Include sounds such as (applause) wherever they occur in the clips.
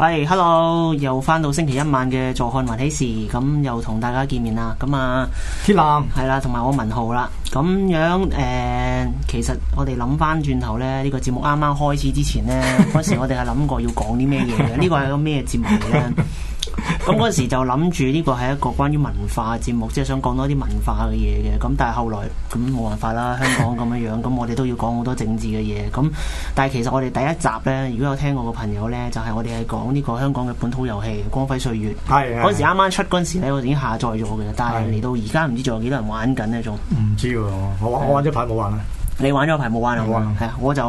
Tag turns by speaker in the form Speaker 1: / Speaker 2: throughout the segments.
Speaker 1: 喂，Hello！又翻到星期一晚嘅坐看雲起時，咁又同大家見面啦，咁啊，鐵男欄，係啦，同埋我文豪啦。咁樣誒、呃，其實我哋諗翻轉頭咧，呢、呢個節目啱啱開始之前咧，嗰 (laughs) 時我哋係諗過要講啲咩嘢嘅。呢個係個咩節目嚟咧？ (laughs) (laughs) 咁嗰 (laughs) 時就諗住呢個係一個關於文化嘅節目，即係想講多啲文化嘅嘢嘅。咁但係後來咁冇辦法啦，香港咁樣樣，咁 (laughs) 我哋都要講好多政治嘅嘢。咁但係其實我哋第一集呢，如果有聽我個朋友呢，就係我哋係講呢個香港嘅本土遊戲《光輝歲月》。係嗰時啱啱出，嗰時呢，我已經下載咗嘅，但係嚟到而家唔知仲有幾多人玩緊呢仲？唔 (laughs) 知喎，我玩咗排冇玩啦。你玩咗排冇玩啊？我係啊，我就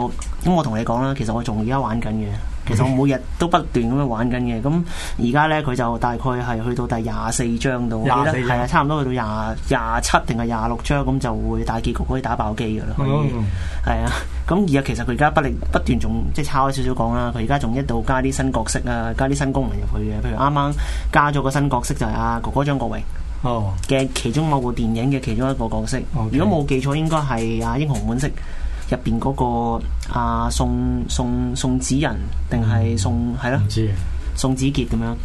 Speaker 1: 咁我同你講啦，其實我仲而家玩緊嘅。 (music) 其實我每日都不斷咁樣玩緊嘅，咁而家咧佢就大概係去到第廿四章度，係啊，差唔多去到廿廿七定係廿六章咁就會大結局可以打爆機噶啦，係啊、嗯，咁、嗯、而家其實佢而家不力不斷仲即係扯開少少講啦，佢而家仲一度加啲新角色啊，加啲新功能入去嘅，譬如啱啱加咗個新角色就係阿、啊、哥哥張國榮嘅其中某部電影嘅其中一個角色，哦、如果冇記錯應該係阿英雄本色。入邊嗰個阿、啊、宋宋宋子仁，定係宋係咯？宋子杰咁樣。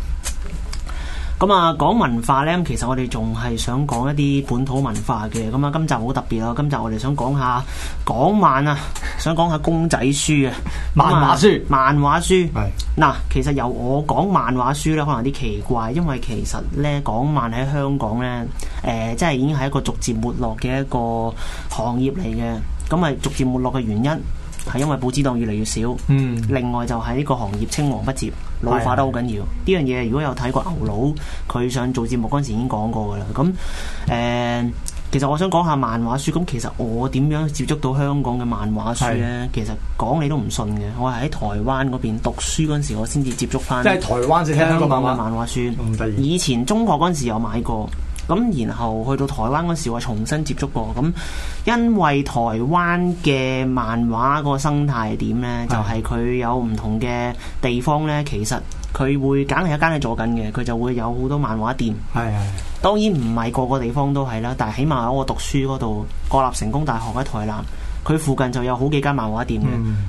Speaker 1: 咁、嗯、啊，講文化呢，其實我哋仲係想講一啲本土文化嘅。咁、嗯、啊，今集好特別咯。今集我哋想講下港漫啊， (laughs) 想講下公仔書啊。嗯、漫畫書，漫畫書。係嗱是，其實由我講漫畫書呢，可能有啲奇怪，因為其實呢，港漫喺香港呢，誒、呃，即係已經係一個逐漸沒落嘅一個行業嚟嘅。咁咪逐漸沒落嘅原因係因為報紙檔越嚟越少，嗯、另外就喺呢個行業青黃不接，的老化得好緊要。呢樣嘢如果有睇過牛佬佢想做節目嗰陣時已經講過噶啦。咁誒、呃，其實我想講下漫畫書。咁其實我點樣接觸到香港嘅漫畫書呢？的其實講你都唔信嘅。我係喺台灣嗰邊讀書嗰時我，的，我先至接觸翻。即係台灣先聽過漫畫漫畫書。以前中學嗰陣時有買過。咁然後去到台灣嗰時，我重新接觸過。咁因為台灣嘅漫畫個生態點呢，的就係佢有唔同嘅地方呢。其實佢會揀係一間係做緊嘅，佢就會有好多漫畫店。係係的。當然唔係個個地方都係啦，但係起碼喺我讀書嗰度，國立成功大學喺台南。佢附近就有好幾間漫畫店嘅，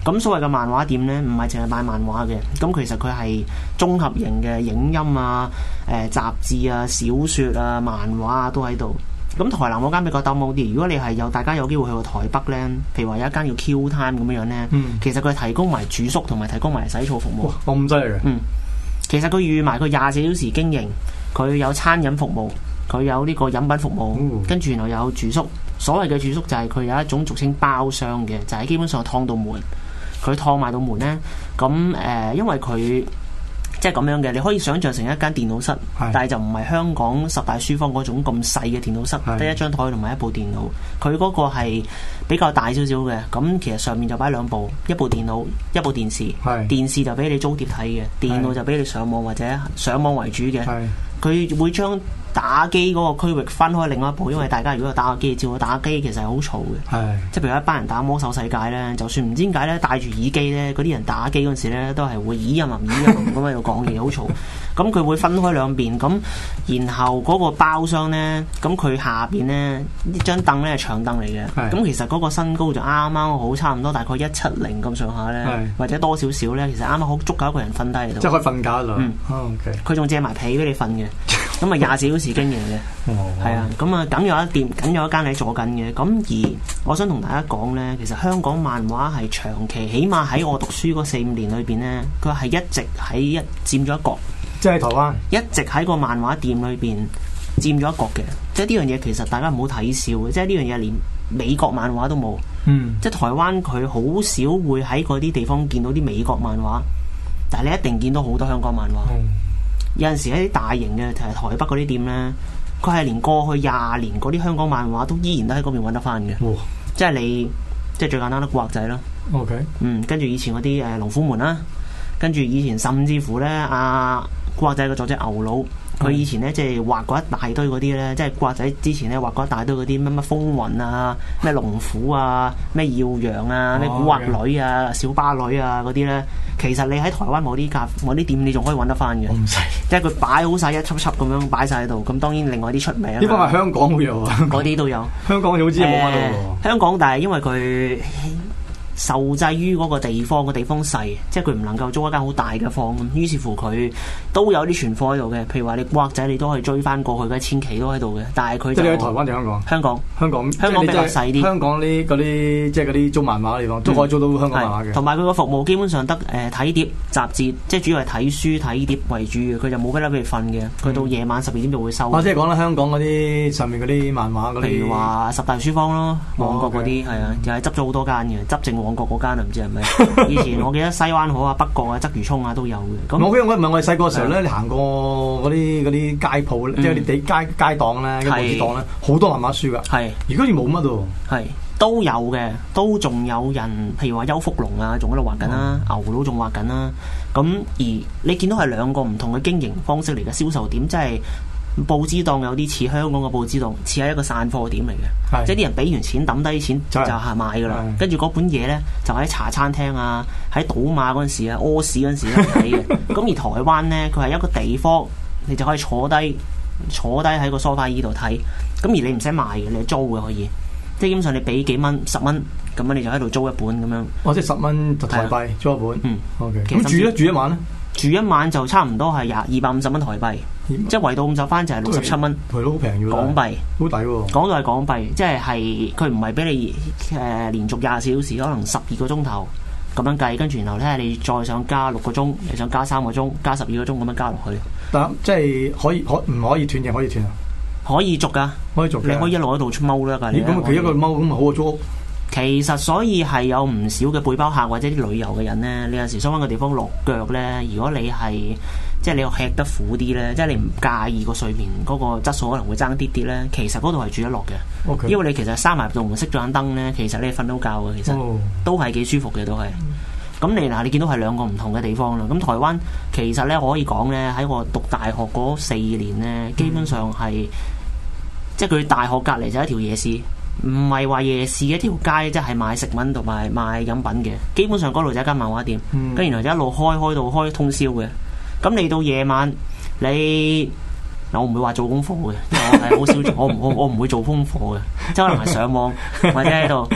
Speaker 1: 咁、嗯、所謂嘅漫畫店呢，唔係淨係賣漫畫嘅，咁其實佢係綜合型嘅影音啊、誒、呃、雜誌啊、小説啊、漫畫啊都喺度。咁台南嗰間比較鬥無啲，如果你係有大家有機會去過台北呢，譬如話有一間叫 Q Time 咁樣樣呢，嗯、其實佢提供埋住宿同埋提供埋洗澡服務，咁犀利嘅。嗯，其實佢預埋佢廿四小時經營，佢有餐飲服務，佢有呢個飲品服務，嗯、跟住然後有住宿。所謂嘅住宿就係佢有一種俗稱包廂嘅，就係、是、基本上係劏到門。佢劏埋到門呢，咁誒、呃，因為佢即係咁樣嘅，你可以想像成一間電腦室，是但係就唔係香港十大書房嗰種咁細嘅電腦室，得是一張枱同埋一部電腦。佢嗰個係比較大少少嘅，咁其實上面就擺兩部，一部電腦，一部電視。是電視就俾你租碟睇嘅，電腦就俾你上網或者上網為主嘅。佢會將打機嗰個區域分開另外一部，因為大家如果有打個機，照我打個機其實係好嘈嘅，是的 即係譬如一班人打魔獸世界咧，就算唔知點解咧戴住耳機咧，嗰啲人打機嗰陣時咧都係會咦音呀咦音咁喺度講嘢，好嘈。咁佢會分開兩邊咁，然後嗰個包廂呢，咁佢下邊呢，呢張凳呢係長凳嚟嘅。咁是的 其實嗰個身高就啱啱好，差唔多大概一七零咁上下呢，是的 或者多少少呢，其實啱啱好足夠一個人瞓低喺度，即係可以瞓覺啦。嗯，佢仲、oh, okay. 借埋被俾你瞓嘅，咁啊廿四小時經營嘅，係啊。 (laughs) 咁啊，梗有一店，梗有一間喺左近。咁而我想同大家講呢，其實香港漫畫係長期，起碼喺我讀書嗰四五年裏邊呢，佢係一直喺一佔咗一個。即係台灣一直喺個漫畫店裏邊佔咗一角嘅，即係呢樣嘢其實大家唔好睇笑，即係呢樣嘢連美國漫畫都冇，嗯、即係台灣佢好少會喺嗰啲地方見到啲美國漫畫，但係你一定見到好多香港漫畫。嗯、有陣時喺啲大型嘅，台北嗰啲店呢，佢係連過去廿年嗰啲香港漫畫都依然都喺嗰邊揾得翻嘅，哦。即係你即係最簡單啦，古惑仔啦
Speaker 2: ，okay。
Speaker 1: 嗯，跟住以前嗰啲誒龍虎門啦，啊，跟住以前甚至乎呢。阿、啊。古惑仔嘅作者牛佬，佢以前咧即係畫過一大堆嗰啲咧，即係古惑仔之前咧畫過一大堆嗰啲乜乜風雲啊，咩龍虎啊，咩耀揚啊，咩、哦、古惑女啊，小巴女啊嗰啲咧，其實你喺台灣某啲咖，某啲店你仲可以揾得翻嘅，嗯嗯嗯嗯、即係佢擺好晒一輯輯咁樣擺晒喺度，咁當然另外啲出名。呢個係香港會有啊，嗰啲、嗯、港都有。嗯、香港嘅好知冇開香港但係因為佢。嘿嘿嘿受制於嗰個地方個地方細，即係佢唔能夠租一間好大嘅房。咁於是乎佢都有啲存貨喺度嘅，譬如話你或者你都可以追翻過去嗰一千期都喺度嘅。但係佢即係台灣定香港？香港，香港，香港比較細啲。香港呢嗰啲即係嗰啲租漫畫嘅地方，都可以租到香港漫畫嘅。同埋佢個服務基本上得誒睇碟雜誌，即係主要係睇書睇碟為主嘅。佢就冇乜得俾佢瞓嘅。佢、嗯、到夜晚十二點就會收。啊、即係講到香港嗰啲上面嗰啲漫畫譬如話十大書坊咯，網角嗰啲係啊，又係、嗯、執咗好多間嘅執剩。旺角嗰間唔知係咪？ (laughs) 以前我記得西灣河啊、北角啊、鰂魚涌啊都有嘅。咁 (laughs) 我記得我
Speaker 2: 唔係我哋細個嘅時候咧，是的 你行過嗰啲啲街鋪，嗯、即係啲街街檔咧、鋪咧，好是的 多漫畫書噶。係是的，如
Speaker 1: 果要冇乜咯。係都有嘅，都仲有人，譬如話邱福龍啊，仲喺度畫緊啦、啊，嗯、牛佬仲畫緊啦、啊。咁而你見到係兩個唔同嘅經營方式嚟嘅銷售點，即係。報紙檔有啲似香港嘅報紙檔，似係一個散貨點嚟嘅，的即係啲人俾完錢抌低啲錢的就下買㗎啦。跟住嗰本嘢咧就喺茶餐廳啊，喺賭馬嗰陣時啊，屙屎嗰陣時咧睇嘅。咁 (laughs) 而台灣咧，佢係一個地方，你就可以坐低坐低喺個梳化椅度睇。咁而你唔使買嘅，你租嘅可以。即係基本上你俾幾蚊十蚊咁樣，你就喺度租一本咁樣。
Speaker 2: 我即係十蚊就台幣租一本。嗯，OK 其實。咁住咧住一
Speaker 1: 晚咧？住一晚，呢住一晚就差唔多係廿二百五十蚊台幣。即係圍到五十番就係六十七蚊，係咯，好平嘅港幣，好抵喎。講到係港幣，即係係佢唔係俾你誒、呃、連續廿小時，可能十二個鐘頭咁樣計，跟住然後咧你再想加六個鐘，你想加三個鐘，加十二個鐘咁樣加落去。咁即係可以可唔可以斷嘅？可以斷啊！可以續㗎，可以續。你可以一路喺度出踎啦㗎。咦你？咁佢一個踎咁咪好過租屋？其實所以係有唔少嘅背包客或者啲旅遊嘅人咧，你有陣時想揾個地方落腳咧。如果你係即係你又吃得苦啲咧，即係你唔介意個睡眠嗰個質素可能會爭啲啲咧。其實嗰度係住得落嘅
Speaker 2: ，Okay. 因為你
Speaker 1: 其實閂埋度門熄咗盞燈咧，其實你瞓到覺嘅，其實都係幾舒服嘅。都係。咁你嗱，你見到係兩個唔同嘅地方啦。咁台灣其實咧，我可以講咧，喺我讀大學嗰四年咧，基本上係、嗯、即係佢大學隔籬就一條夜市，唔係話夜市一條街買，即係賣食品同埋賣飲品嘅。基本上嗰度就一間漫畫店，跟住然後就一路開開到開通宵嘅。咁你到夜晚，你嗱我唔會話做功課嘅，因為係好少，我唔 (laughs) 我我唔會做功課嘅，即係可能係上網 (laughs) 或者喺度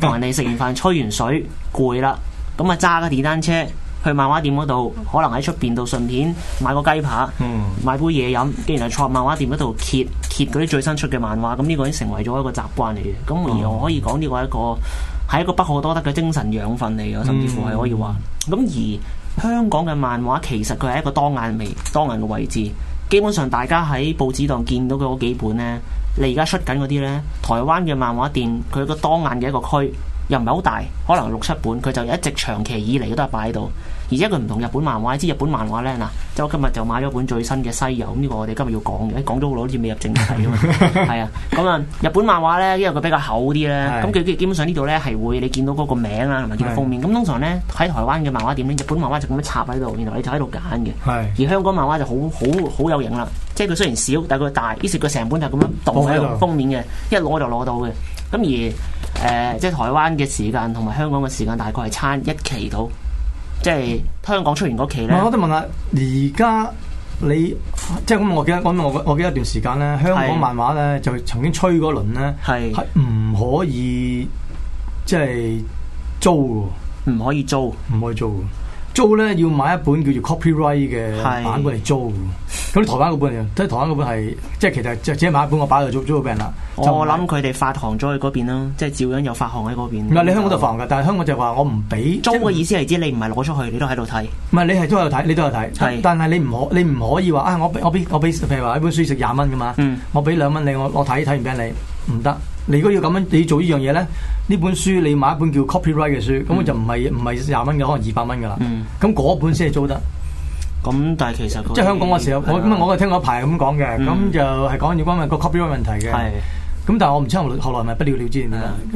Speaker 1: 同人哋食完飯吹完水攰啦，咁啊揸個電單車去漫畫店嗰度，可能喺出邊度順便買個雞扒，嗯，買杯嘢飲，既然係坐漫畫店嗰度揭揭嗰啲最新出嘅漫畫，咁呢個已經成為咗一個習慣嚟嘅，咁而我可以講呢個係一個係一個不可多得嘅精神養分嚟嘅，甚至乎係可以話咁而。香港嘅漫畫其實佢係一個當眼位，當眼嘅位置。基本上大家喺報紙檔見到嗰幾本呢，你而家出緊嗰啲呢，台灣嘅漫畫店佢個當眼嘅一個區又唔係好大，可能六七本，佢就一直長期以嚟都係擺喺度。而且佢唔同日本漫畫，啲日本漫畫咧嗱，即我今日就買咗一本最新嘅《西遊》這，呢個我哋今日要講嘅，講咗好耐，好似未入正題 (laughs) 啊咁啊、嗯，日本漫畫咧，因為佢比較厚啲咧，咁佢是、嗯、基本上呢度咧係會你見到嗰個名啊同埋見到封面，咁是、嗯、通常咧喺台灣嘅漫畫店咧，日本漫畫就咁樣插喺度，然後你就喺度揀嘅，是而香港漫畫就好好好有型啦，即係佢雖然少，但係佢大，於是佢成本就咁樣棟喺個封面嘅，一攞就攞到嘅，咁而誒、呃、即係台灣嘅時間同埋香港嘅時間大概係差一期到。即係香港出完嗰期咧，我都問
Speaker 2: 下，而家你即係咁。我記我我我記得一段時間咧，香港漫畫咧就曾經吹嗰輪咧係係唔可以即係租噶，唔可以租，唔可以租租咧要買一本叫做 copyright 嘅版本嚟租。是咁台灣嗰本嘅，即係台灣嗰本係，即係其實即係只買一本我擺喺度租租俾人啦。我諗佢哋發行咗去嗰邊啦，即係照樣有發行喺嗰邊。唔係你香港就發行噶，就但係香港就話我唔俾租嘅意思係指你唔係攞出去，你都喺度睇。唔係你係都有睇，你都有睇是。但係你唔可，你唔可以話啊！我我俾我俾譬如話一本書值廿蚊噶嘛，嗯、我俾兩蚊你，我我睇睇完俾你，唔得。你如果要咁樣，你做呢樣嘢咧，呢本書你買一本叫 copyright 嘅書，咁、嗯、就唔係唔係廿蚊嘅，可能二百蚊噶啦。咁、嗯、嗰本先係租得。
Speaker 1: 咁但係其實即係香港嘅時候，我咁啊，我係
Speaker 2: 聽一排咁講嘅，咁就係講要關個 copyright 問題嘅。係。咁但係我唔知後後來係咪不了了之，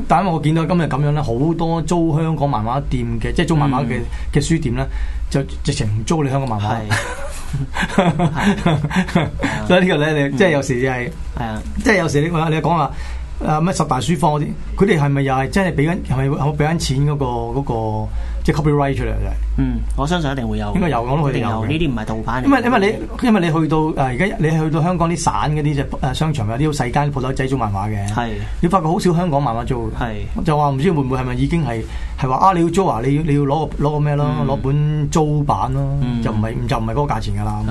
Speaker 2: 但係，因為我見到今日咁樣咧，好多租香港漫畫店嘅，即係租漫畫嘅嘅書店咧，就直情租你香港漫畫。所以呢個咧，你即係有時又係。係啊。即係有時你你講話啊乜十大書科嗰啲，佢哋係咪又係真係俾緊係咪好俾緊錢嗰個嗰個？即係 copyright 出嚟嘅。嗯，
Speaker 1: 我相信一定會有，應該有，我都肯定有呢啲唔係盜版，因為
Speaker 2: 因為你，因為你去到誒而家，你去到香港啲省嗰啲就係商場的有啲好細間鋪頭仔做漫畫嘅，係的，你發覺好少香港漫畫做，係的，就話唔知會唔會係咪已經係係話啊你要租啊你要你要攞個攞個咩咯攞本租版咯，就唔
Speaker 1: 係、嗯、就唔係嗰個價錢㗎啦。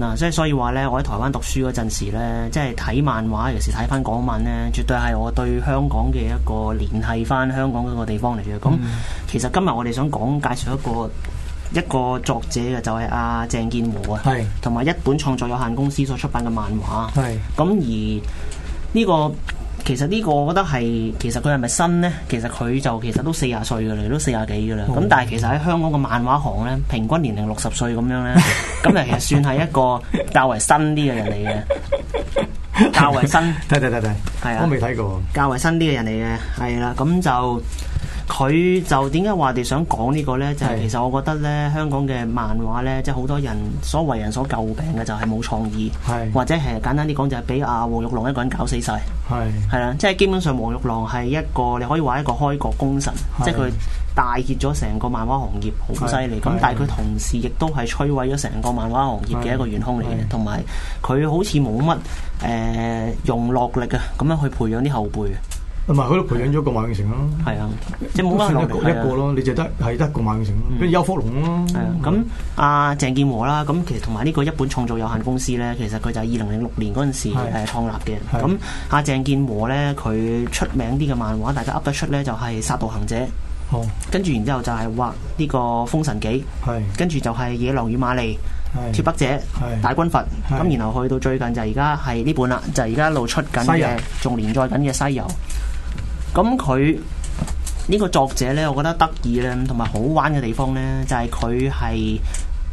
Speaker 1: 嗱，即係、啊、所以話咧，我喺台灣讀書嗰陣時咧，即係睇漫畫，尤其是睇翻港漫咧，絕對係我對香港嘅一個聯繫翻香港嗰個地方嚟嘅。咁、嗯、其實今日我哋想講介紹一個一個作者嘅，就係阿、啊、鄭健和啊，同埋是一本創作有限公司所出版嘅漫畫。係咁是、嗯、而呢、呢個。其實呢個我覺得係，其實佢係咪新呢？其實佢就其實都四十歲噶啦，都四十幾噶啦。咁、嗯、但係其實喺香港嘅漫畫行呢，平均年齡六十歲咁樣呢，咁 (laughs) 其實算係一個較為新啲嘅人嚟嘅， (laughs) 較為新。睇睇睇睇，係啊，我未睇過。較為新啲嘅人嚟嘅，係啦、啊，咁就。佢就點解話我哋想講呢個呢？就係、其實我覺得呢，香港嘅漫畫呢，即係好多人所為人所詬病嘅就係冇創意，是或者係簡單啲講，就係俾阿黃玉郎一個人搞死曬，係啦是，即係基本上黃玉郎係一個你可以話一個開國功臣，是即係佢大結咗成個漫畫行業好犀利。咁但係佢同時亦都係摧毀咗成個漫畫行業嘅一個元兇嚟嘅，同埋佢好似冇乜誒用落力啊，咁樣去培養啲後輩。同埋佢都培養咗個馬永成咯，係啊，即冇得話唔一個一咯，你就得係得一個馬永成，跟住邱福龍咯。係啊，咁阿鄭健和啦，咁其實同埋呢個一本創造有限公司咧，其實佢就係二零零六年嗰陣時誒創立嘅。咁阿鄭健和咧，佢出名啲嘅漫畫，大家噏得出咧，就係《殺道行者》。跟住，然之後就係畫呢個《封神記》，跟住就係《野狼與馬利》、《脫北者》、《大軍閥》。咁，然後去到最近就係而家係呢本啦，就係而家一路出緊嘅，仲連載緊嘅《西遊》。咁佢呢個作者咧，我覺得得意咧，同埋好玩嘅地方咧，就係佢係誒。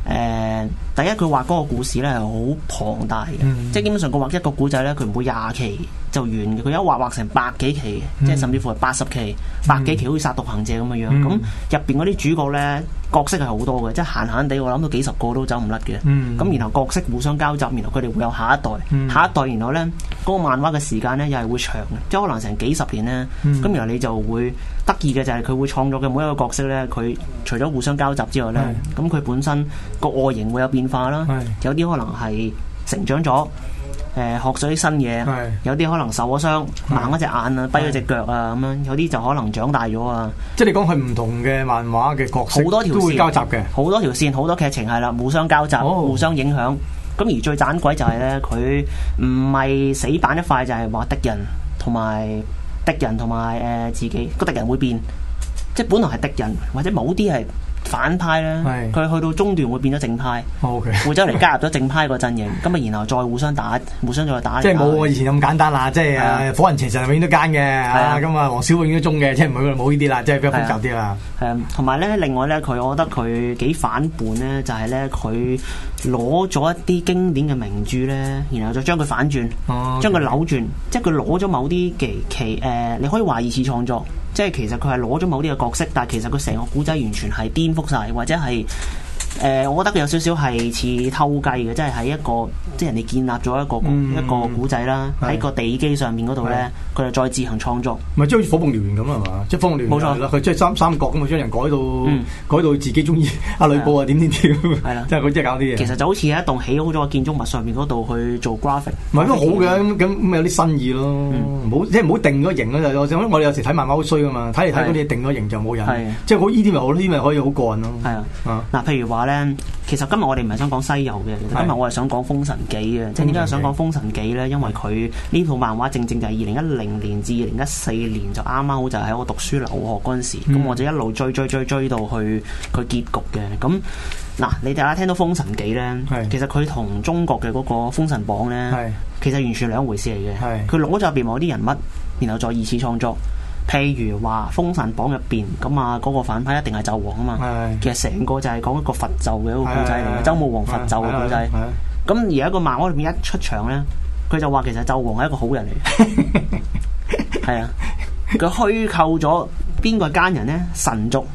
Speaker 1: 呃第一佢畫個故事咧係好龐大嘅，嗯、即係基本上佢畫一個古仔咧，佢唔會廿期就完嘅，佢一畫畫成百幾期、嗯、即係甚至乎係八十期、百幾期，好似《殺毒行者》咁、嗯、樣樣咁入邊啲主角咧，角色係好多嘅，即係閒閒地我諗到幾十個都走唔甩嘅。咁、嗯、然後角色互相交集，然後佢哋會有下一代，嗯、下一代然後咧個漫畫嘅時間咧又係會長嘅，即係可能成幾十年咧。咁然後你就會得意嘅就係佢會創作嘅每一個角色咧，佢除咗互相交集之外咧，咁佢、嗯、是本身個外形會有變。化啦，是有啲可能係成長咗，誒、呃、學咗啲新嘢，是有啲可能受咗傷，盲是一隻眼啊，跛咗隻腳啊，咁是樣有啲就可能長大咗啊。即係你講佢唔同嘅漫畫嘅角色條，好多條線都會交集嘅，好多條線，好多劇情係啦，互相交集，Oh. 互相影響。咁而最盞鬼就係咧，佢唔係死板一塊，就係話敵人同埋敵人同埋誒自己個敵人會變，即係本來係敵人，或者某啲係。反派咧，佢是去到中段會變咗正派，Okay. 會走嚟加入咗正派個陣營，咁啊，然後再互相打，互相再打，打，即係冇我以前咁簡單啦，即、就、係、是、啊，火雲邪神永遠都奸嘅，咁啊，黃
Speaker 2: 小永都忠嘅，即係唔會冇呢啲啦，即、就、係、是、比較複雜啲啦。
Speaker 1: 誒、啊，同埋咧，另外咧，佢我覺得佢幾反叛咧，就係、是、咧，佢攞咗一啲經典嘅名著咧，然後再將佢反轉，將佢、嗯 okay. 扭轉，即係佢攞咗某啲奇奇誒，你可以話二次創作。即係其實佢係攞咗某啲嘅角色，但係其實佢成個古仔完全係顛覆晒，或者係。誒，我覺得佢有少少係似偷雞嘅，即係喺一個即係人哋建立咗一個一個古仔啦，喺個地基上面嗰度咧，佢就再自行創作。
Speaker 2: 咪即係好似火鳳燎原咁啊嘛，即係《火鳳燎原》冇錯啊。佢即係三三國咁啊，將人改到改到自己中意，阿呂布啊點點點。係啦，即係佢即係搞啲嘢。其實就好似喺一棟起好咗嘅建築物上面嗰度去做 graphic。唔係都好嘅，咁咁有啲新意咯。唔好即係唔好定咗型咯，就我哋有時睇漫畫好衰噶嘛，睇嚟睇去你定咗型就冇人。即係好呢啲咪好，呢啲咪可以好過
Speaker 1: 咯。係啊，嗱，譬如話。其實今日我哋唔係想講西遊嘅，其實今日我係想講封神記嘅。即係點解想講封神記呢，因為佢呢套漫畫正正就係二零一零年至二零一四年，就啱啱好就喺我讀書留學嗰陣時，咁、嗯、我就一路追追追追，追到去佢結局嘅。咁嗱，你哋一聽到封神記呢，是其實佢同中國嘅嗰個封神榜呢，是其實完全係兩回事嚟嘅。佢攞咗入邊某啲人物，然後再二次創作。譬如話《封神榜》入邊咁啊，嗰個反派一定係紂王啊嘛。其實成個就係講一個伐紂嘅一個故仔嚟嘅，周武王伐紂嘅故仔。咁而家個漫畫入面一出場咧，佢就話其實紂王係一個好人嚟嘅。係啊，佢虛構咗邊個奸人咧？神族，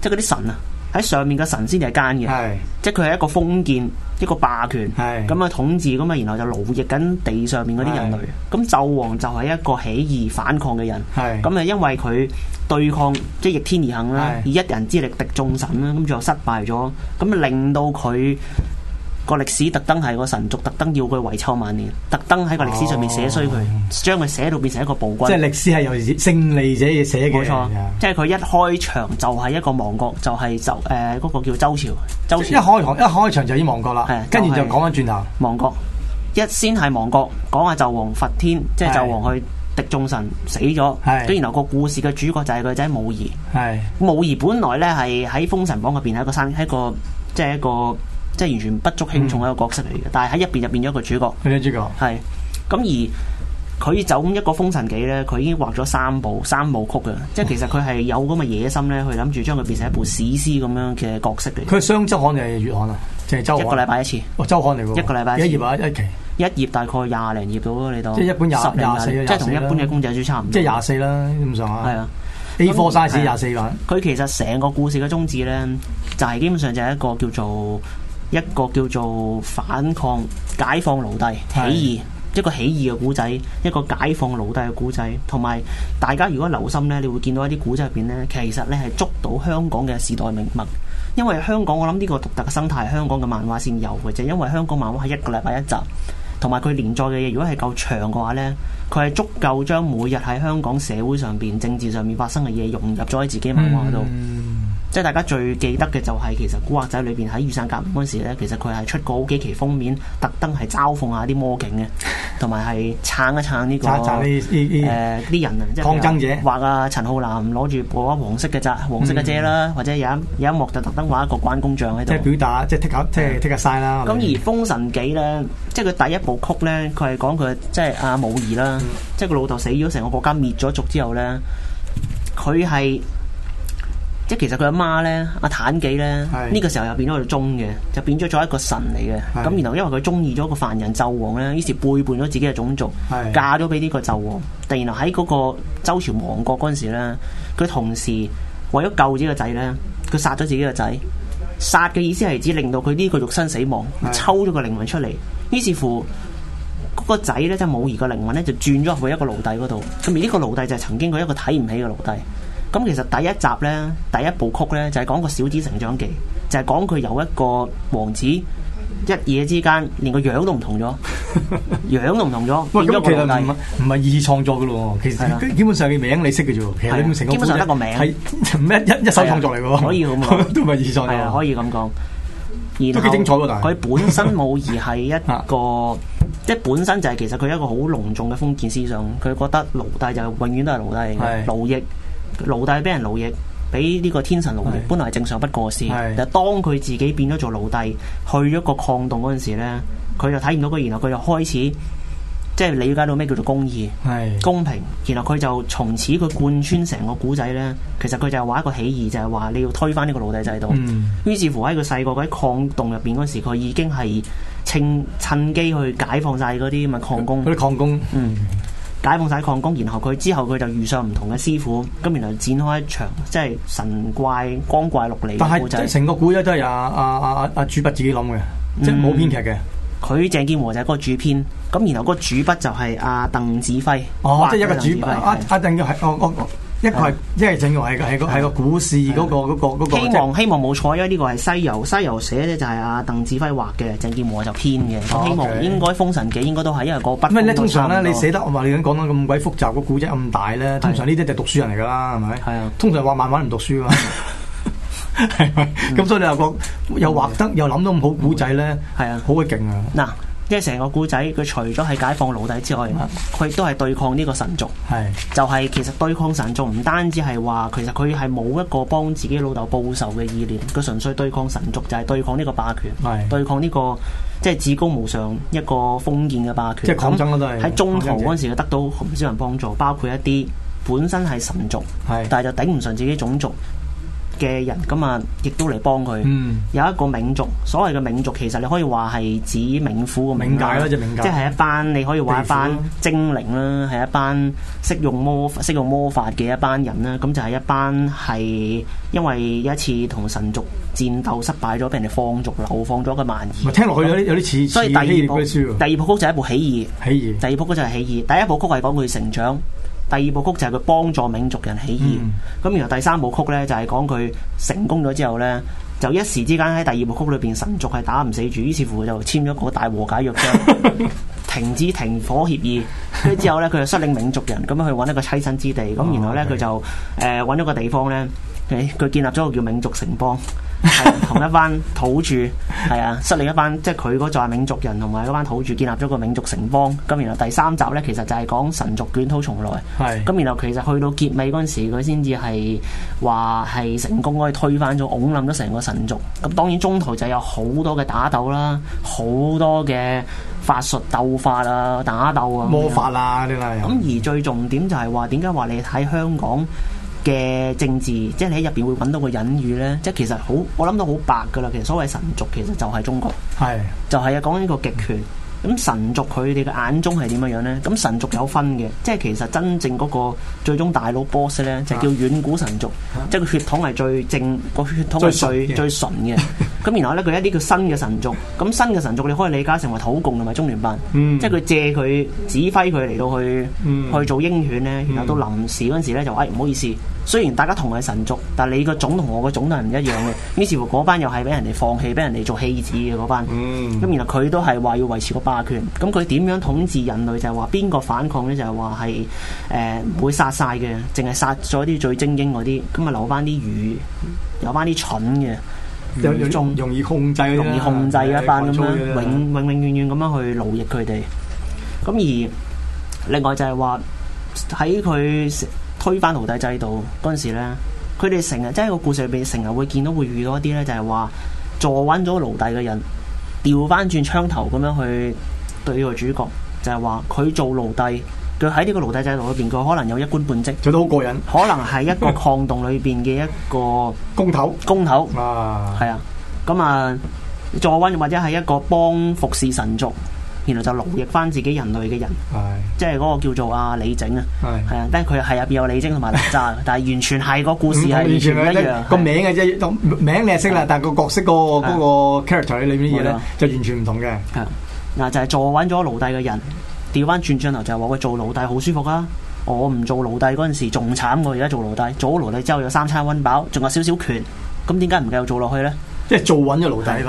Speaker 1: 即係嗰啲神啊，喺上面嘅神仙就係奸嘅，即係佢係一個封建。一個霸權，咁啊的統治，咁啊然後就奴役緊地上面嗰啲人類，咁紂的王就係一個起義反抗嘅人，咁啊的因為佢對抗即係、就是、逆天而行啦，的以一人之力敵眾神啦，咁就失敗咗，咁啊令到佢。個歷史特登係個神族特登要佢遺臭萬年，特登喺個歷史上面寫衰佢，將佢寫到變成一個暴君。即係歷
Speaker 2: 史係由勝利者寫
Speaker 1: 嘅，冇錯錯。即係佢一開場就係一個亡國，就係、是、就誒嗰、呃那個叫周朝，周朝一開一開場就已經亡國啦。跟住就講翻轉頭，亡國一先係亡國，講是下紂王伐天，即係紂王去敵眾神死咗。係是，咁然後個故事嘅主角就係個仔武夷。是武夷本來呢係喺封神榜入邊係一個生，一個即係一個。即係完全不足輕重一個角色嚟嘅，但係喺入邊入邊咗一個主角，係主角。係咁而佢走一個《封神記》咧，佢已經畫咗三部三部曲嘅，即係其實佢係有咁嘅野心咧，去諗住將佢變成一部史詩咁樣嘅角色嚟。佢雙周刊定係月刊啊？即係週一個禮拜一次，哦週刊嚟一個禮拜一頁，一期一頁大概廿零頁到咯，你當即係一本廿廿四，即係同一般嘅公仔書差唔多，即係廿
Speaker 2: 四啦咁上下。係啊，A four size 廿四
Speaker 1: 版。佢其實成個故事嘅宗旨咧，就係基本上就係一個叫做。一個叫做反抗、解放奴隸起義，是的 一個起義嘅古仔，一個解放奴隸嘅古仔，同埋大家如果留心呢，你會見到一啲古仔入邊呢，其實呢係捉到香港嘅時代命脈，因為香港我諗呢個獨特嘅生態係香港嘅漫畫先有嘅啫，因為香港漫畫係一個禮拜一集，同埋佢連載嘅嘢，如果係夠長嘅話呢，佢係足夠將每日喺香港社會上邊、政治上面發生嘅嘢融入咗喺自己漫畫度。嗯即係大家最記得嘅就係其實《古惑仔》裏邊喺《雨傘革命》嗰時咧，其實佢係出過好幾期封面，特登係嘲諷下啲魔警嘅，同埋係撐一撐呢、呢個撐撐呢啲人啊，即係抗爭者畫啊！呃就是、陳浩南攞住部一黃色嘅扎黃色嘅遮啦，mm. 或者有一有一幕就特登畫一個關公像喺度、就是啊，即係表達即係 tick 下即係 tick 下曬啦。咁而《封神紀》咧，即係佢第一部曲咧，佢係講佢即係阿武兒啦，即係個老豆死咗，成個國家滅咗族之後咧，佢係。即係其實佢阿媽咧，阿、啊、妲己咧，呢是的 個時候又變咗佢忠嘅，就變咗咗一個神嚟嘅。咁是的 然後因為佢中意咗一個凡人紂王咧，於是背叛咗自己嘅種族，是的 嫁咗俾呢個紂王。突然後喺嗰個周朝亡國嗰陣時咧，佢同時為咗救自己個仔咧，佢殺咗自己個仔。殺嘅意思係指令到佢呢個肉身死亡，抽咗個靈魂出嚟。是的 於是乎，嗰、那個仔咧即係武夷個靈魂咧就轉咗去一個奴隸嗰度。咁而呢個奴隸就係曾經佢一個睇唔起嘅奴隸。咁其實第一集咧，第一部曲咧，就係講個小子成長記，就係講佢有一個王子，一夜之間連個樣都唔同咗，樣都唔同咗。喂，咁其實唔
Speaker 2: 唔係二次創作嘅咯喎，其實基本上嘅名你識嘅啫喎，其實基本上得個名，係一一手創作嚟嘅喎。可以咁講，都唔係二次創作。係可以
Speaker 1: 咁講。都幾精彩喎，但係佢本身冇而係一個，即係本身就係其實佢一個好隆重嘅封建思想，佢覺得奴隸就永遠都係奴隸奴役。奴隸俾人奴役，俾呢個天神奴役，是本來係正常不過事。是但當佢自己變咗做奴隸，去咗個礦洞嗰陣時咧，佢就睇唔到佢，然後佢就開始即係、就是、理解到咩叫做公義、是公平，然後佢就從此佢貫穿成個古仔呢。其實佢就話一個起義，就係、是、話你要推翻呢個奴隸制度。於、嗯、是乎喺佢細個喺礦洞入邊嗰時，佢已經係趁趁機去解放晒嗰啲咪礦工。啲礦工，嗯。嗯解放晒礦工，然後佢之後佢就遇上唔同嘅師傅，咁然後展開一場即係神怪光怪陸離嘅故事。但係，即係成個古仔都係阿阿阿阿阿主筆自己諗嘅，即係冇編劇嘅。佢鄭健和就係嗰個主編，咁然後嗰個主筆就係阿、啊、鄧子輝。哦，滑的 即係一個主筆，阿阿鄧係。我一個係，一係鄭岳係個係個係個股市嗰個嗰個嗰個。希望希望冇錯，因為呢個係《西遊》《西遊》寫咧就係阿鄧志輝畫嘅，鄭健和就編嘅。我希望應該《封神記》應該都係，因為個筆。咩咧？通常咧，你寫得我話你咁講得咁鬼複雜，個古仔咁大咧，
Speaker 2: 通常呢啲就讀書人嚟噶啦，係咪？係啊。通常話漫畫唔讀書啊。係
Speaker 1: 咁所以你又講
Speaker 2: 又畫得又諗到咁好古仔咧？係啊，好鬼勁啊！
Speaker 1: 嗱。即係成個故仔，佢除咗係解放奴隸之外，佢亦都係對抗呢個神族。係是就係其實對抗神族，唔單止係話，其實佢係冇一個幫自己老豆報仇嘅意念，佢純粹對抗神族就係、是、對抗呢個霸權，是對抗呢、這個即係至高無上一個封建嘅霸權。即係講真我都係喺中途嗰時，佢得到唔少人幫助，包括一啲本身係神族，是但係就頂唔順自己種族，嘅人咁啊，亦都嚟幫佢。嗯、有一個冥族，所謂嘅冥族其實你可以話係指冥府嘅冥界咯，即係冥界、即係一班你可以話一班地府、啊、精靈啦，係一班識用魔識用魔法嘅一班人啦。咁就係一班係因為有一次同神族戰鬥失敗咗，俾人哋放逐流放咗個萬年。聽落去有啲有啲似，所以第二部第二部曲就係一部起義。起義。第二部曲就係起義，第一部曲係講佢成長。第二部曲就係佢幫助冥族人起義，咁、嗯、然後第三部曲呢，就係講佢成功咗之後呢，就一時之間喺第二部曲裏邊神族係打唔死住，於是乎就簽咗個大和解約章，停止停火協議，跟住之後呢，佢就率領冥族人咁樣去揾一個棲身之地，咁然後呢，佢，哦 okay，就誒揾咗個地方呢，佢建立咗個叫冥族城邦。係 (laughs) 同一班土著，係啊，失另一班，即係佢嗰就係閩族人，同埋嗰班土著建立咗個閩族城邦。咁然後第三集呢，其實就係講神族捲土重來。係咁是然後其實去到結尾嗰陣時，佢先至係話係成功可以推翻咗拱冧咗成個神族。咁當然中途就有好多嘅打鬥啦，好多嘅法術鬥法啊，打鬥啊，魔法啦啲啦。咁而最重點就係話，點解話你喺香港嘅政治，即係你喺入邊會揾到個隱喻呢。即係其實好，我諗到好白噶啦。其實所謂神族其實就係中國，係的就係啊講呢個極權。咁神族佢哋嘅眼中係點樣樣呢？咁神族有分嘅，即係其實真正嗰個最終大佬 boss 呢，就係、叫遠古神族，的即係個血統係最正，個血統係最最純嘅。咁 (laughs) 然後呢，佢一啲叫新嘅神族，咁新嘅神族你可以理解成為土共同埋中聯辦，嗯、即係佢借佢指揮佢嚟到去去做鷹犬呢。然後到臨時嗰陣時呢就誒唔、哎哎、好意思。雖然大家同係神族，但係你個種同我個種都係唔一樣嘅。於是乎是，嗰班又係俾人哋放棄，俾人哋做棄子嘅嗰班。咁、嗯、然後佢都係話要維持個霸權。咁佢點樣統治人類？就係話邊個反抗咧？就係話係誒唔會殺晒嘅，淨係殺咗啲最精英嗰啲，咁啊留翻啲魚，留翻啲蠢嘅，容易控制，容易控制，控制一班咁樣，永永永，永，永遠永遠咁樣去奴役佢哋。咁而另外就係話喺佢，推翻奴隸制度嗰陣時呢，佢哋成日即係個故事入邊，成日會見到會遇到一啲呢，就係話坐穩咗奴隸嘅人，調翻轉槍頭咁樣去對個主角，就係話佢做奴隸，佢喺呢個奴隸制度裏邊，佢可能有一官半職，做得好過癮。可能係一個礦洞裏邊嘅一個工頭，工 (laughs) 頭啊，係啊，咁啊，坐穩或者係一個幫服侍神族。原來就勞役翻自己人類嘅人，即係嗰個叫做阿李靖啊，係啊，但係佢係入邊有李靖同埋哪吒，但係完全係個故事係完全一樣，個名嘅啫，名你係識啦，但係個角色嗰個嗰個 character 裏邊啲嘢咧就完全唔同嘅。嗱就係做穩咗奴隸嘅人，調翻轉轉頭就話佢做奴隸好舒服啦。我唔做奴隸嗰陣時仲慘過而家做奴隸，做咗奴隸之後有三餐溫飽，仲有少少權，咁點解唔繼續做落去咧？即係做穩咗奴隸。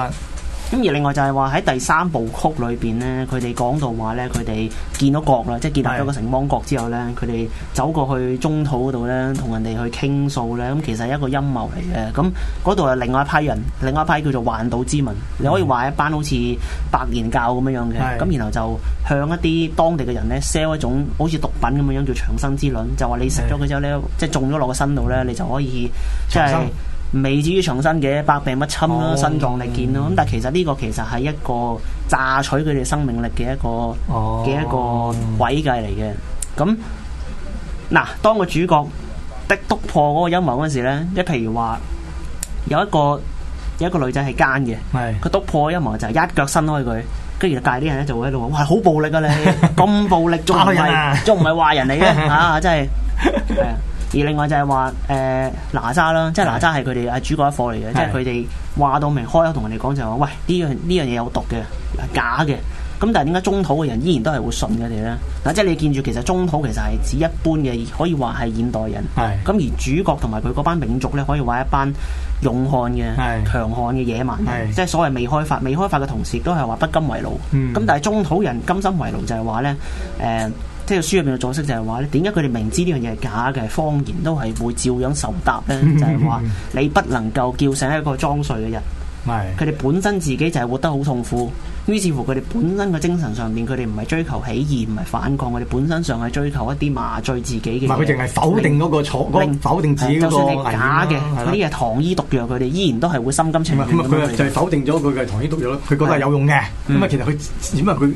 Speaker 1: 咁而另外就係話喺第三部曲裏邊咧，佢哋講到話咧，佢哋見到國啦，即係建立咗個城邦國之後咧，佢哋走過去中土嗰度咧，同人哋去傾訴咧，咁其實係一個陰謀嚟嘅。咁嗰度係另外一批人，另外一批叫做環島之民，嗯、你可以話一班好似百年教咁樣樣嘅。咁是 然後就向一啲當地嘅人咧 sell 一種好似毒品咁樣樣叫長生之卵，就話你食咗佢之後咧，是的 即係中咗落個身度咧，你就可以即係。未至於重生嘅，百病不侵咯，身壯力健咯。咁但係其實呢個其實係一個榨取佢哋生命力嘅一個嘅、oh. 一個詭計嚟嘅。咁嗱，當個主角的篤破嗰個陰謀嗰陣時咧，即譬如話有一個有一個女仔係奸嘅，佢篤是破陰謀就係一腳伸開佢，跟住就隔籬啲人咧就會喺度話：哇，好暴力啊你！你咁 (laughs) 暴力，仲唔係仲唔係壞人嚟嘅？嚇、啊，真係。而另外就係話誒哪吒啦，即係哪吒係佢哋啊主角一夥嚟嘅，是的 即係佢哋話到明開口同人哋講就係話，喂呢樣呢樣嘢有毒嘅，係假嘅。咁但係點解中土嘅人依然都係會信佢哋咧？嗱，即係你見住其實中土其實係指一般嘅，可以話係現代人。咁是的 而主角同埋佢嗰班民族咧，可以話一班勇漢嘅是的 強悍嘅野蠻人即係所謂未開發、未開發嘅同時都係話不甘為奴。咁、嗯、但係中土人甘心為奴就係話咧誒。呃呃即係書入面嘅座識就係話咧，點解佢哋明知呢樣嘢係假嘅、謊言都係會照樣受答咧？ (laughs) 就係話你不能夠叫醒一個裝睡嘅人。係佢哋本身自己就係活得好痛苦，於是乎佢哋本身嘅精神上面，佢哋唔係追求起義，唔係反抗，佢哋本身上係追求一啲麻醉自己嘅。唔係佢淨係否定嗰個錯，否定自己嗰的個假嘅，佢啲係糖衣毒藥，佢哋依然都係會心甘情願。咁啊，佢就係否定
Speaker 2: 咗佢嘅糖衣毒藥，佢覺得有用
Speaker 1: 嘅。咁啊的，其實佢點解佢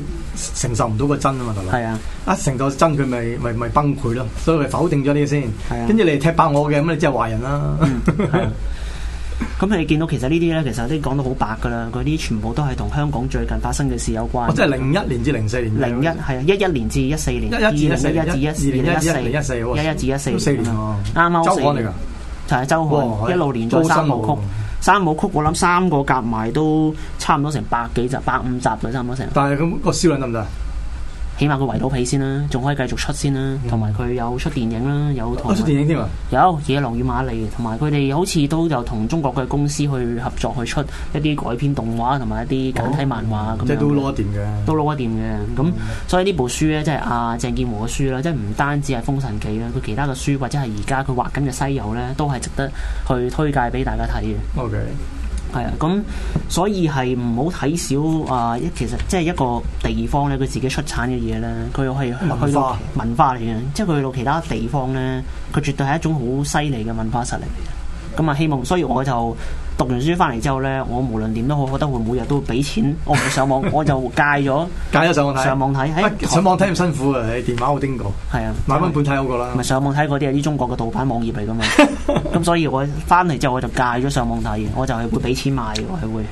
Speaker 2: 承受唔到個真啊嘛，係、就、啊、是，的一承受真佢咪咪咪崩潰咯，所以否定咗呢啲先。跟住你踢爆我嘅咁，你
Speaker 1: 即係壞人啦。咁你見到其實呢啲咧，其實都講到好白噶啦，嗰啲全部都係同香港最近發生嘅事有關。我即係零一年至零四年。零一係啊，一一年至一四年。一一至一四，一至一四，二一一至一四，年啱啱。周刊嚟㗎，就係周刊，一路連載三部曲，三部曲我諗三個夾埋都差唔多成百幾集，百五集啦，差唔多成。但係咁個銷量得唔得？起碼佢圍到皮先啦，仲可以繼續出先啦，同埋佢有出電影啦，有同、啊、出電影添啊！有《野狼與瑪麗》，同埋佢哋好似都有同中國嘅公司去合作去出一啲改編動畫，同埋一啲簡體漫畫。哦嗯、即係都攞得掂嘅，都攞得掂嘅。咁所以呢部書咧，即係阿鄭健和嘅書啦，即係唔單止係《封神記》啦，佢其他嘅書或者係而家佢畫緊嘅《西遊》咧，都係值得去推介俾大家睇嘅。OK。係啊，咁、嗯、所以係唔好睇少。啊！一其實即係一個地方咧，佢自己出產嘅嘢咧，佢又係去到文化嚟嘅，即係佢去到其他地方咧，佢絕對係一種好犀利嘅文化實力嚟嘅。咁啊，希望所以我就。讀完書翻嚟之後咧，我無論點都好，我覺得會每日都會俾錢。我唔會上網，我就戒咗。 (laughs) 戒咗上網睇、欸啊。上網睇，喺上網睇唔辛苦啊！喺 (laughs) 電話好丁過。係啊。買翻本睇好過啦。唔係上網睇嗰啲啊，啲中國嘅盜版網頁嚟噶嘛。咁 (laughs) 所以我翻嚟之後我就戒咗上網睇，我就係會俾錢買嘅，我係會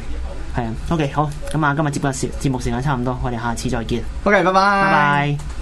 Speaker 1: 係啊。OK，好，咁啊，今日節目時節目時間差唔多，我哋下次再見。
Speaker 2: OK，拜拜。拜拜。